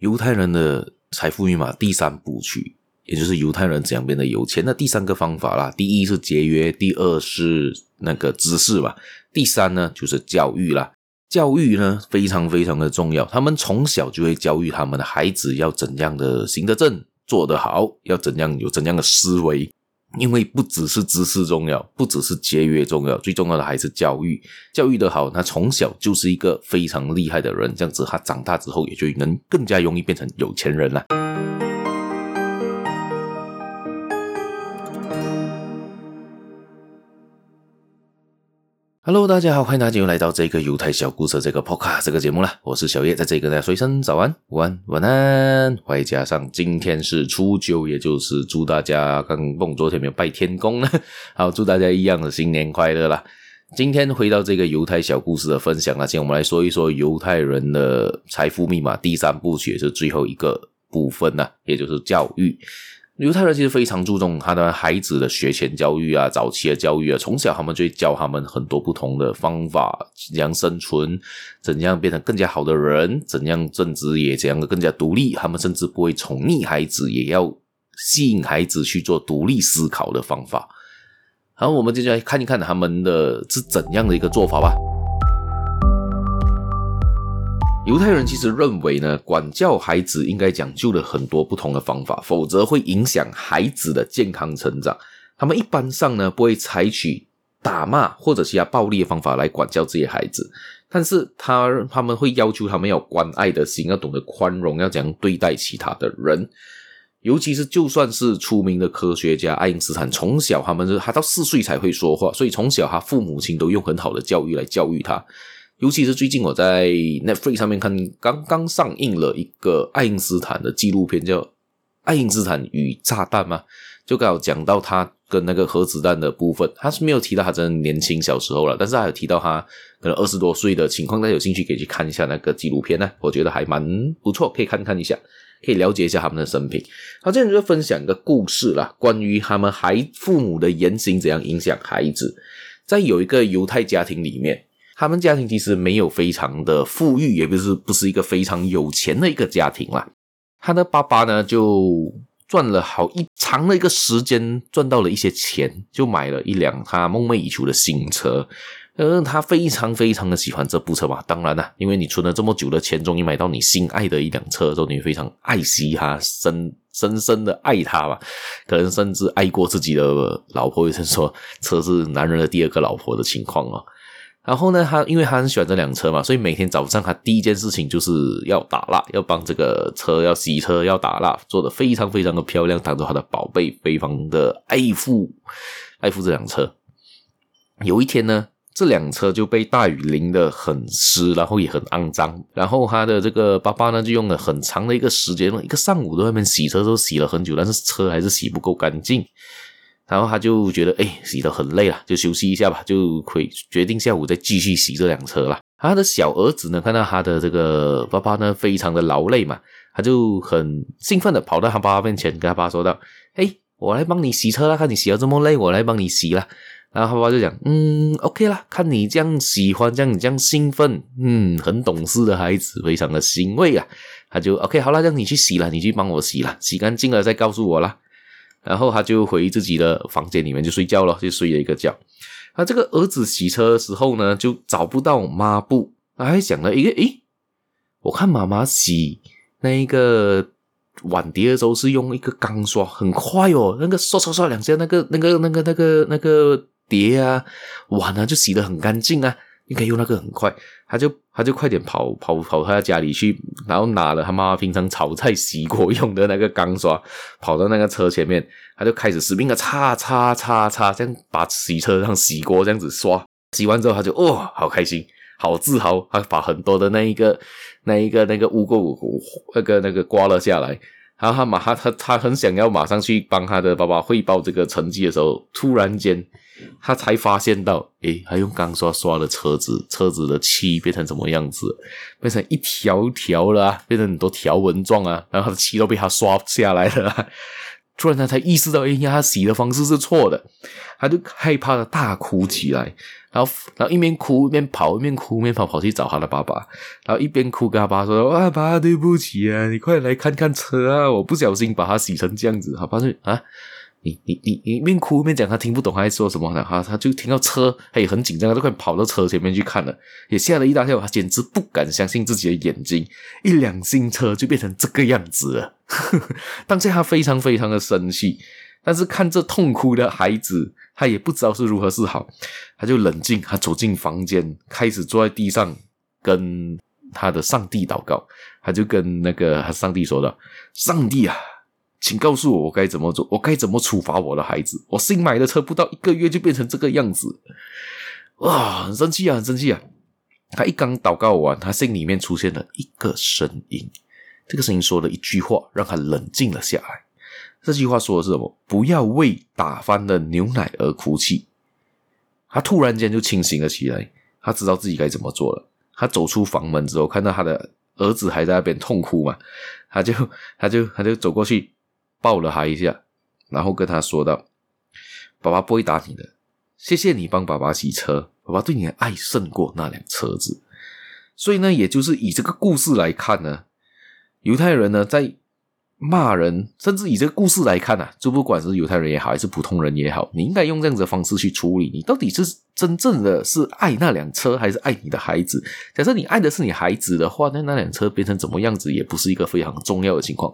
猶太人的財富密碼第三部曲，也就是猶太人怎樣變得有錢的第三個方法啦。第一是節約，第二是那個知識吧，第三呢就是教育啦，教育呢非常非常的重要，他們從小就會教育他們的孩子要怎樣的行得正、做得好，要怎樣有怎樣的思維。因為不只是知識重要，不只是節約重要，最重要的還是教育。教育得好，他從小就是一個非常厲害的人，這樣子他長大之後也就能更加容易變成有錢人了啊。Hello，大家好，歡迎大家又來到這個猶太小故事的這個 Podcast 這個節目啦，我是小葉，在這裡跟大家說一聲早安、午安、晚安。外加上今天是初九，也就是祝大家剛夢昨天沒有拜天公啦。 好，祝大家一樣的新年快樂啦。今天回到這個猶太小故事的分享啦。先我們來說一說猶太人的財富密碼第三部曲，也是最後一個部分啦，也就是教育。猶太人其實非常注重他的孩子的學前教育啊，早期的教育啊，從小他們就會教他們很多不同的方法，怎樣生存，怎樣變成更加好的人，怎樣正直，也怎樣的更加獨立。他們甚至不會寵溺孩子，也要吸引孩子去做獨立思考的方法。好，我們接下來看一看他們的是怎樣的一個做法吧。猶太人其實認為呢，管教孩子應該講究了很多不同的方法，否則會影響孩子的健康成長。他們一般上呢，不會採取打罵或者其他暴力的方法來管教這些孩子，但是他他們會要求他們有關愛的心，要懂得寬容，要怎樣對待其他的人。尤其是就算是出名的科學家愛因斯坦，從小他們是他到四歲才會說話，所以從小他父母親都用很好的教育來教育他。尤其是最近我在 Netflix 上面看，剛剛上映了一個愛因斯坦的紀錄片，叫《愛因斯坦與炸彈》嘛，就剛好講到他跟那個核子彈的部分。他是沒有提到他真的年輕小時候了，但是還有提到他可能二十多歲的情況。大家有興趣可以去看一下那個紀錄片呢，我覺得還蠻不錯，可以看看一下，可以了解一下他們的生平。好，這樣就分享一個故事啦，關於他們孩父母的言行怎樣影響孩子。在有一個猶太家庭裡面。他們家庭其實沒有非常的富裕，也不是不是一個非常有錢的一個家庭啦。他的爸爸呢，就賺了好一長的一個時間，賺到了一些錢，就買了一輛他夢寐以求的新車。呃，他非常非常的喜歡這部車吧？當然了，因為你存了這麼久的錢，終於買到你心愛的一輛車之後，你會非常愛惜它，深深深的愛它吧，可能甚至愛過自己的老婆。有人說，車是男人的第二個老婆的情況哦。然後呢，他因為他很喜歡這輛車嘛，所以每天早上他第一件事情就是要打蠟，要幫這個車要洗車，要打蠟，做得非常非常的漂亮，當做他的寶貝，非常的愛護，愛護這輛車。有一天呢，這輛車就被大雨淋得很濕，然後也很骯髒。然後他的這個爸爸呢，就用了很長的一個時間，一個上午都在那邊洗車，都洗了很久，但是車還是洗不夠乾淨。然後他就覺得哎、欸、洗得很累了，就休息一下吧，就可以決定下午再繼續洗這輛車了。他的小兒子呢，看到他的這個爸爸呢，非常的勞累嘛，他就很興奮的跑到他爸爸面前，跟他爸爸說道：“哎、欸，我來幫你洗車了，看你洗得這麼累，我來幫你洗了。”然後他爸爸就講：“嗯，OK 啦，看你這樣喜歡，這樣你這樣興奮，嗯，很懂事的孩子，非常的欣慰啊。”他就 OK 好了，這樣你去洗了，你去幫我洗了，洗乾淨了再告訴我啦。然後他就回自己的房間裡面就睡覺了，就睡了一個覺。他這個兒子洗車的時候呢，就找不到抹布，他還想了一個，誒，我看媽媽洗那一個碗碟的時候是用一個鋼刷，很快哦，那個刷刷刷兩下，那個那個那個那個、那個、那個碟啊碗啊就洗得很乾淨啊。應該用那個很快，他就他就快點跑跑跑他家裡去，然後拿了他媽媽平常炒菜洗鍋用的那個鋼刷，跑到那個車前面，他就開始使勁的擦擦擦擦，這樣把洗車上洗鍋這樣子刷，洗完之後他就哦，好開心，好自豪，他把很多的那一個那一個那個污垢、那個那個刮了下來。然後他馬他他他很想要馬上去幫他的爸爸匯報這個成績的時候，突然間他才發現到，誒，他用鋼刷刷了車子，車子的漆變成什麼樣子？變成一條一條了啊，變成很多條紋狀啊！然後他的漆都被他刷下來了啊。突然，他才意識到，哎呀，他洗的方式是錯的，他就害怕的大哭起來，然後，然後一邊哭一邊跑，一邊哭一邊跑，跑去找他的爸爸，然後一邊哭跟阿爸，爸說：“啊，爸，對不起啊，你快來看看車啊，我不小心把它洗成這樣子。好吧”好，發現啊。你你你你，一面哭一面講，他聽不懂，他在說什麼呢？他他就聽到車，他也很緊張，就快跑到車前面去看了，也嚇了一大跳。他簡直不敢相信自己的眼睛，一輛新車就變成這個樣子了。當時他非常非常的生氣，但是看這痛哭的孩子，他也不知道是如何是好。他就冷靜，他走進房間，開始坐在地上跟他的上帝禱告。他就跟那個上帝說道：“上帝啊！”請告訴我，我該怎麼做？我該怎麼處罰我的孩子？我新買的車不到一個月就變成這個樣子，哇，很生氣啊，很生氣啊！他一剛禱告完，他心裡面出現了一個聲音，這個聲音說了一句話，讓他冷靜了下來。這句話說的是什麼？不要為打翻的牛奶而哭泣。他突然間就清醒了起來，他知道自己該怎麼做了。他走出房門之後，看到他的兒子還在那邊痛哭嘛，他就，他就，他就走過去。抱了他一下，然後跟他說道：“爸爸不會打你的，謝謝你幫爸爸洗車。爸爸對你的愛勝過那輛車子。”所以呢，也就是以這個故事來看呢，猶太人呢在罵人，甚至以這個故事來看呢、啊，就不管是猶太人也好，還是普通人也好，你應該用這樣子的方式去處理。你到底是？真正的是愛那輛車還是愛你的孩子？假設你愛的是你孩子的話，那那輛車變成怎麼樣子也不是一個非常重要的情況。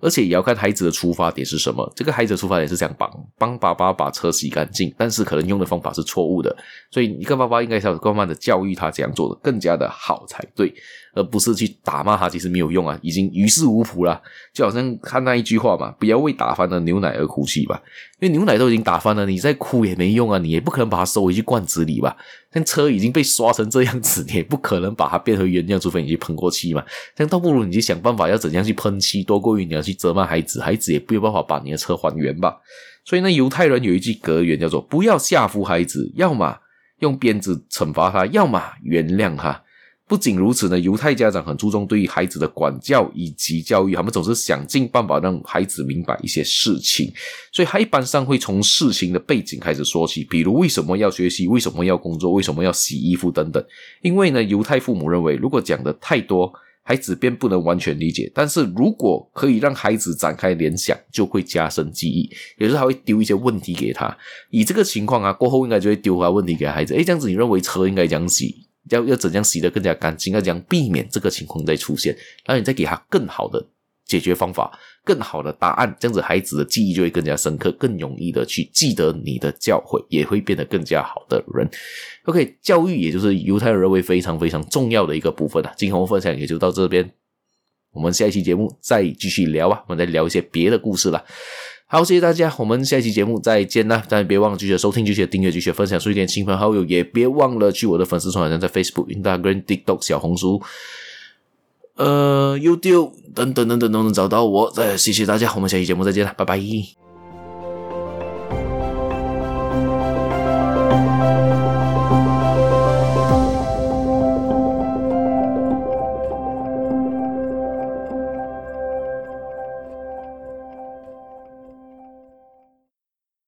而且也要看孩子的出發點是什麼。這個孩子的出發點是想幫幫爸爸把車洗乾淨，但是可能用的方法是錯誤的。所以，一個爸爸應該要慢慢的教育他怎樣做的更加的好才對，而不是去打罵他。其實沒有用啊，已經於事無補了。就好像看那一句話嘛，不要為打翻的牛奶而哭泣吧。因為牛奶都已經打翻了，你再哭也沒用啊！你也不可能把它收回去罐子裡吧？像車已經被刷成這樣子，你也不可能把它變回原樣，除非你去噴過漆嘛。但倒不如你就想辦法要怎樣去噴漆，多過於你要去責罵孩子，孩子也沒有辦法把你的車還原吧。所以，那猶太人有一句格言叫做：“不要嚇唬孩子，要麼用鞭子懲罰他，要麼原諒他。”不僅如此呢，猶太家長很注重對於孩子的管教以及教育，他們總是想盡辦法讓孩子明白一些事情。所以，他一般上會從事情的背景開始說起，比如為什麼要學習，為什麼要工作，為什麼要洗衣服等等。因為呢，猶太父母認為，如果講得太多，孩子便不能完全理解；但是如果可以讓孩子展開聯想，就會加深記憶。也就是他會丟一些問題給他。以這個情況啊，過後應該就會丟他、啊、問題給孩子。誒這樣子你認為車應該怎樣洗？要要怎樣洗得更加乾淨？要怎樣避免這個情況再出現？然後你再給他更好的解決方法，更好的答案，這樣子孩子的記憶就會更加深刻，更容易的去記得你的教誨，也會變得更加好的人。OK，教育也就是猶太人認為非常非常重要的一個部分了。今天我分享也就到這邊，我們下一期節目再繼續聊啊，我們再聊一些別的故事了。好，謝謝大家，我們下一期節目再見啦。大家別忘了繼續收聽，繼續訂閱，繼續分享，繼續分享出去點親朋好友，也別忘了去我的粉絲團，在 Facebook、Instagram、TikTok、小紅書、呃、YouTube 等等等等都能找到我。再謝謝大家，我們下期節目再見了，拜拜。